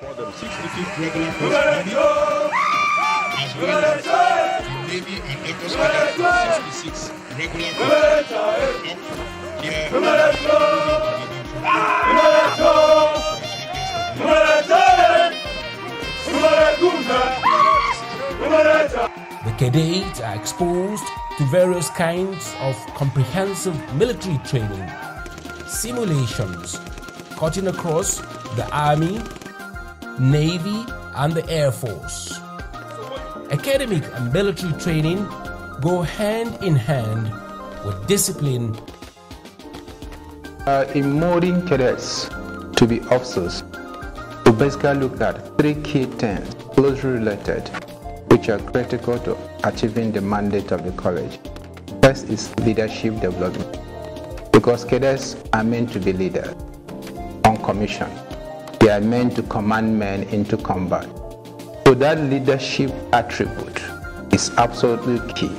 the cadets are exposed to various kinds of comprehensive military training, simulations, cutting across the army, Navy, and the Air Force. Academic and military training go hand in hand with discipline. Uh, in molding cadets to be officers, we basically look at three key things closely related, which are critical to achieving the mandate of the college. First is leadership development, because cadets are meant to be leaders on commission. They are meant to command men into combat. So that leadership attribute is absolutely key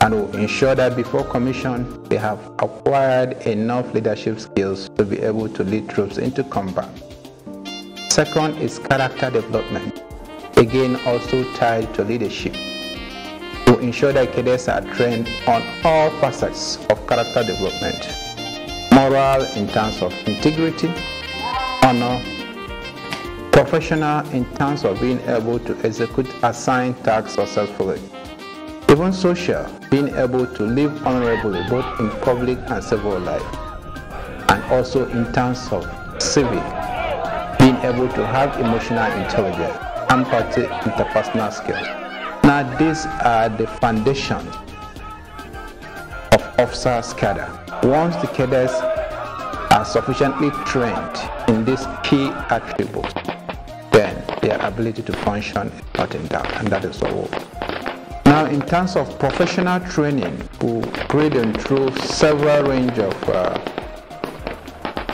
and will ensure that before commission, they have acquired enough leadership skills to be able to lead troops into combat. Second is character development, again also tied to leadership to ensure that cadets are trained on all facets of character development moral in terms of integrity, honor, professional in terms of being able to execute assigned tasks successfully. Even social, being able to live honorably both in public and civil life. And also in terms of civic, being able to have emotional intelligence, empathy, interpersonal skills. Now these are the foundation of officer cadet. Once the cadets are sufficiently trained in these key attributes, their ability to function is not in doubt, and that is all. Now, in terms of professional training, we grade and through several range of uh,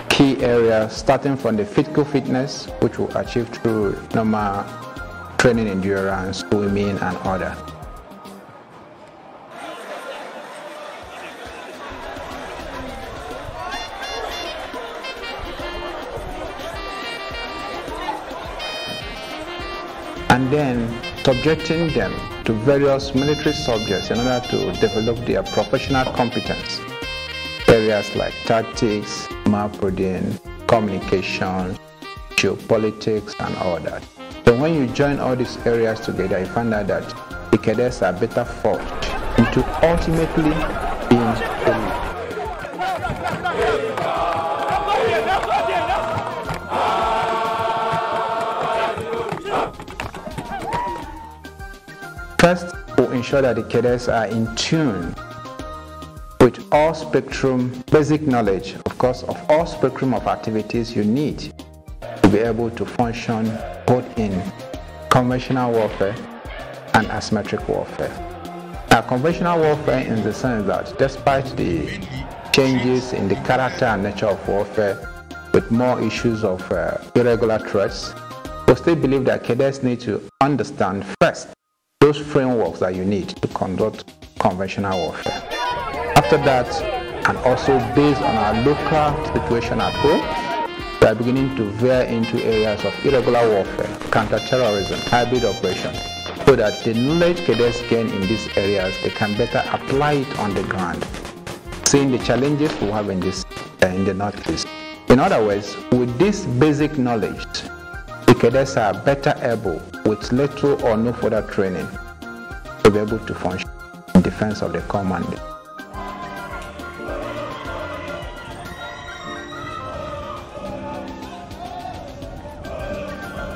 key areas, starting from the physical fitness, which we achieve through normal training endurance, swimming, and other. and then subjecting them to various military subjects in order to develop their professional competence. Areas like tactics, map reading, communication, geopolitics, and all that. So when you join all these areas together, you find out that the cadets are better forged into ultimately being elite. First, we'll ensure that the cadets are in tune with all spectrum basic knowledge, of course, of all spectrum of activities you need to be able to function both in conventional warfare and asymmetric warfare. Now, conventional warfare in the sense that despite the changes in the character and nature of warfare, with more issues of uh, irregular threats, we still believe that cadets need to understand first those frameworks that you need to conduct conventional warfare. After that, and also based on our local situation at home, we are beginning to veer into areas of irregular warfare, counterterrorism, hybrid operation, so that the knowledge cadets gain in these areas, they can better apply it on the ground, seeing the challenges we have in, this, uh, in the Northeast. In other words, with this basic knowledge, the cadets are better able with little or no further training to be able to function in defense of the command.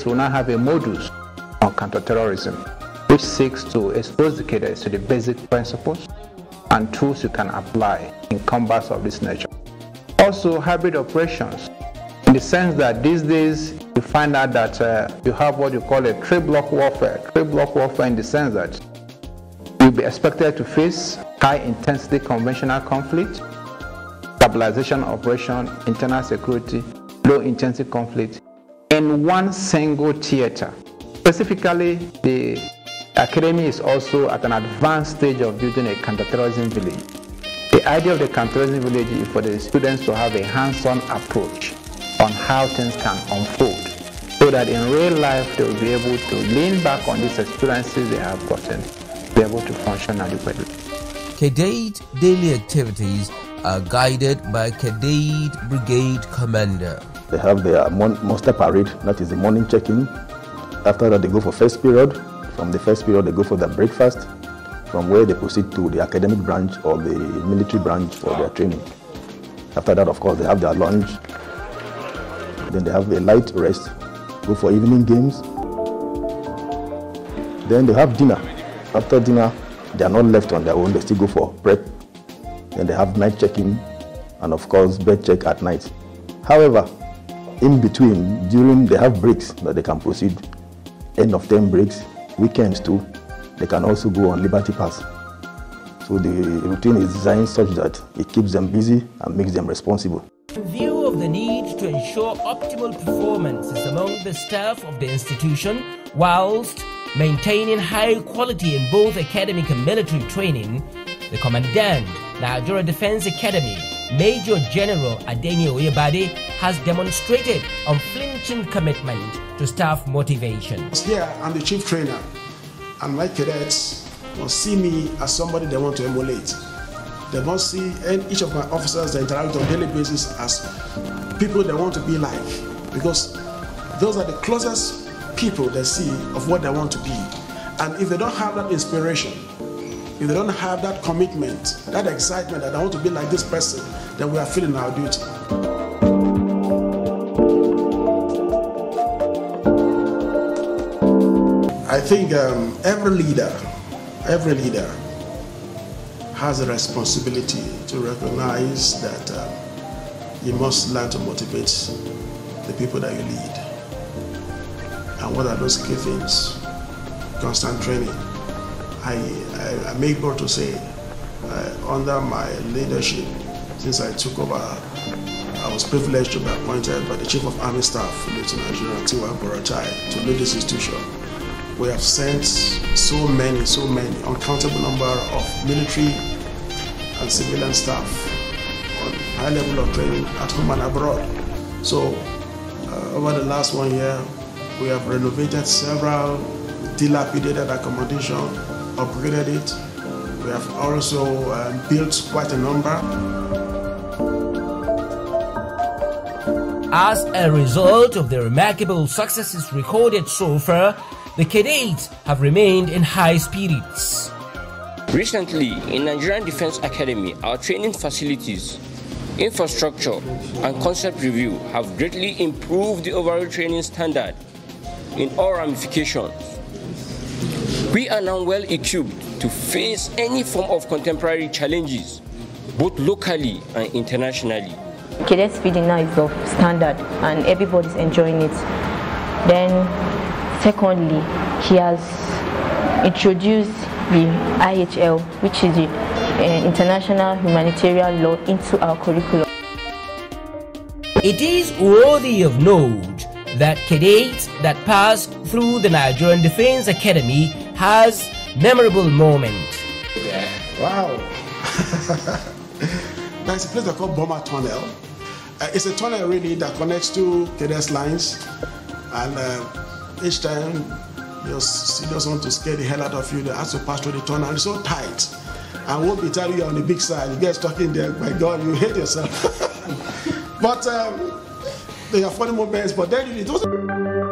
We now have a modus on counterterrorism which seeks to expose the cadets to the basic principles and tools you can apply in combats of this nature. Also, hybrid operations in the sense that these days you find out that uh, you have what you call a 3 block warfare. 3 block warfare in the sense that you'll be expected to face high intensity conventional conflict, stabilization operation, internal security, low intensity conflict in one single theater. Specifically, the academy is also at an advanced stage of building a counterterrorism village. The idea of the counterterrorism village is for the students to have a hands-on approach on how things can unfold so that in real life they'll be able to lean back on these experiences they have gotten, be able to function adequately. Cadet daily activities are guided by Cadet Brigade Commander. They have their muster parade, that is the morning check-in. After that, they go for first period. From the first period, they go for their breakfast, from where they proceed to the academic branch or the military branch for their training. After that, of course, they have their lunch. Then they have a light rest go for evening games. Then they have dinner. After dinner, they are not left on their own. They still go for prep. Then they have night checking and of course bed check at night. However, in between, during they have breaks that they can proceed. End of term breaks, weekends too, they can also go on Liberty Pass. So the routine is designed such that it keeps them busy and makes them responsible ensure optimal performances among the staff of the institution whilst maintaining high quality in both academic and military training, the Commandant, Nigeria Defense Academy, Major General Adeni Oyebade has demonstrated unflinching commitment to staff motivation. Here, I'm the chief trainer, and my cadets will see me as somebody they want to emulate. They must see and each of my officers they interact on a daily basis as people they want to be like because those are the closest people they see of what they want to be. And if they don't have that inspiration, if they don't have that commitment, that excitement that I want to be like this person, then we are feeling our duty. I think um, every leader, every leader has a responsibility to recognize that um, you must learn to motivate the people that you lead. And what are those key things? Constant training. I, I, I make to say, uh, under my leadership, since I took over, I was privileged to be appointed by the Chief of Army Staff, Lieutenant General Tiwa Borotai, to lead this institution we have sent so many, so many, uncountable number of military and civilian staff on high level of training at home and abroad. So uh, over the last one year, we have renovated several dilapidated accommodation, upgraded it. We have also uh, built quite a number. As a result of the remarkable successes recorded so far, the cadets have remained in high spirits. Recently, in Nigerian Defense Academy, our training facilities, infrastructure, and concept review have greatly improved the overall training standard in all ramifications. We are now well equipped to face any form of contemporary challenges, both locally and internationally. Cadet feeding now is of standard and everybody's enjoying it. Then, secondly, he has introduced the IHL, which is the uh, International Humanitarian Law, into our curriculum. It is worthy of note that cadets that passed through the Nigerian Defense Academy has memorable moment. Yeah. Wow. There's a place they call Bomber Tunnel. Uh, it's a tunnel really that connects two cadets lines and uh, each time just, does just want to scare the hell out of you. They ask to pass through the tunnel. It's so tight. I won't be telling you on the big side. You get stuck in there. My God, you hate yourself. but um, they are funny moments. But then it not